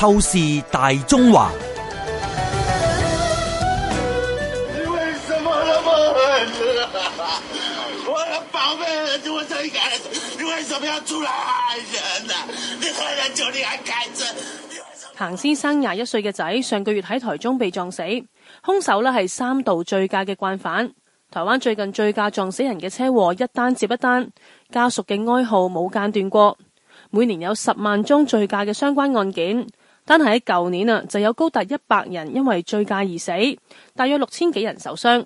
透視大中華，你為什麼那麼、啊、我的寶貝，你為什麼要出來害人，啊這個、人，就人你你還彭先生廿一歲嘅仔上個月喺台中被撞死，兇手呢係三度醉駕嘅慣犯。台灣最近醉駕撞死人嘅車禍一單接一單，家屬嘅哀號冇間斷過。每年有十萬宗醉駕嘅相關案件。但係喺舊年啊，就有高達一百人因為醉駕而死，大約六千幾人受傷。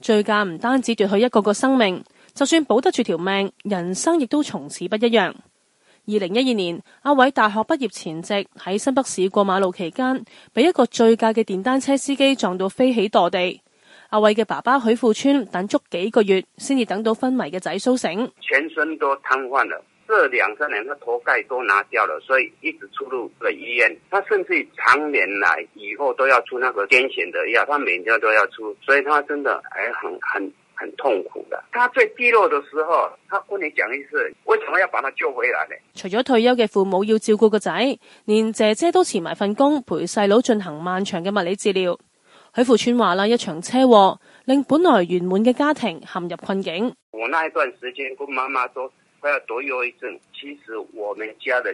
醉駕唔單止奪去一個個生命，就算保得住條命，人生亦都從此不一樣。二零一二年，阿偉大學畢業前夕，喺新北市過馬路期間，俾一個醉駕嘅電單車司機撞到飛起墮地。阿偉嘅爸爸許富川等足幾個月，先至等到昏迷嘅仔蘇醒，全身都癱瘓了。這兩三年他頭蓋都拿掉了，所以一直出入了醫院。他甚至於長年來以後都要出那個癲癇的藥，他每天都要出，所以他真的哎很很很痛苦的。他最低落的時候，他跟你講一次，為什麼要把他救回來呢？除咗退休嘅父母要照顧個仔，連姐姐都辭埋份工陪細佬進行漫長嘅物理治療。許富川話啦，一場車禍令本來圓滿嘅家庭陷入困境。我那段時間，跟媽媽說快要得憂鬱症，其實我們家的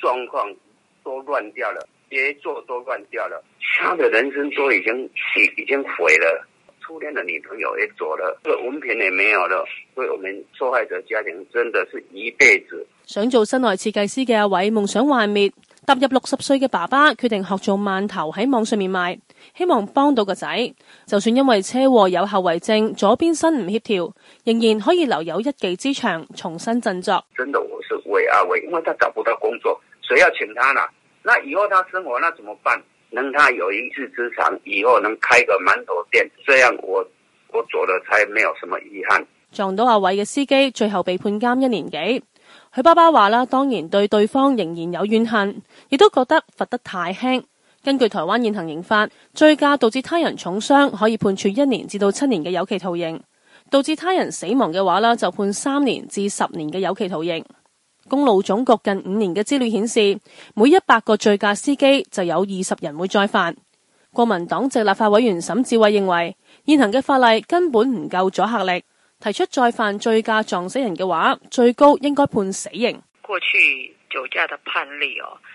狀況都亂掉了，節奏都亂掉了。他的人生都已經已已經毀了，初戀的女朋友也走了，個文憑也沒有了。所以，我們受害者家庭真的是一輩子。想做室內設計師嘅阿偉夢想幻滅，踏入六十歲嘅爸爸決定學做饅頭喺網上面賣。希望幫到個仔，就算因為車禍有後遺症，左邊身唔協調，仍然可以留有一技之長，重新振作。真的我是為阿偉，因為他找不到工作，誰要請他啦？那以後他生活那怎麼辦？能他有一技之長，以後能開個饅頭店，這樣我我做得，才沒有什麼遺憾。撞到阿偉嘅司機最後被判監一年幾，佢爸爸話啦，當然對對方仍然有怨恨，亦都覺得罰得太輕。根據台灣現行刑法，醉駕導致他人重傷可以判處一年至到七年嘅有期徒刑；導致他人死亡嘅話就判三年至十年嘅有期徒刑。公路總局近五年嘅資料顯示，每一百個醉駕司機就有二十人會再犯。國民黨籍立法委員沈志偉認為，現行嘅法例根本唔夠阻嚇力，提出再犯醉駕撞死人嘅話，最高應該判死刑。過去酒駕嘅判例哦、啊。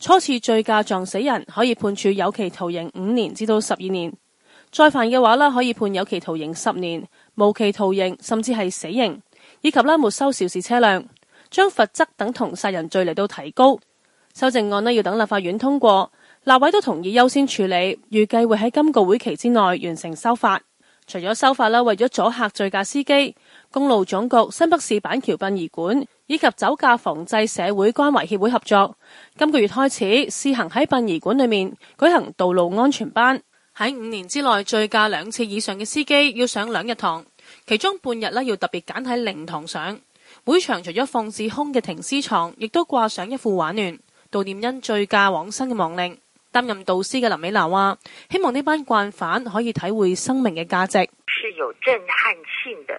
初次醉駕撞死人可以判處有期徒刑五年至到十二年，再犯嘅話呢，可以判有期徒刑十年、無期徒刑，甚至係死刑，以及啦沒收肇事車輛，將罰則等同殺人罪嚟到提高。修正案呢要等立法院通過，立委都同意優先處理，預計會喺今個會期之內完成修法。除咗修法啦，為咗阻嚇醉駕司機。公路總局、新北市板橋殯儀館以及酒駕防制社會關懷協會合作，今個月開始試行喺殯儀館裏面舉行道路安全班。喺五年之內醉駕兩次以上嘅司機要上兩日堂，其中半日呢要特別揀喺靈堂上。會場除咗放置空嘅停屍床，亦都掛上一副輓聯悼念因醉駕往生嘅亡靈。擔任導師嘅林美娜話，希望呢班慣犯可以體會生命嘅價值，是有震撼性的。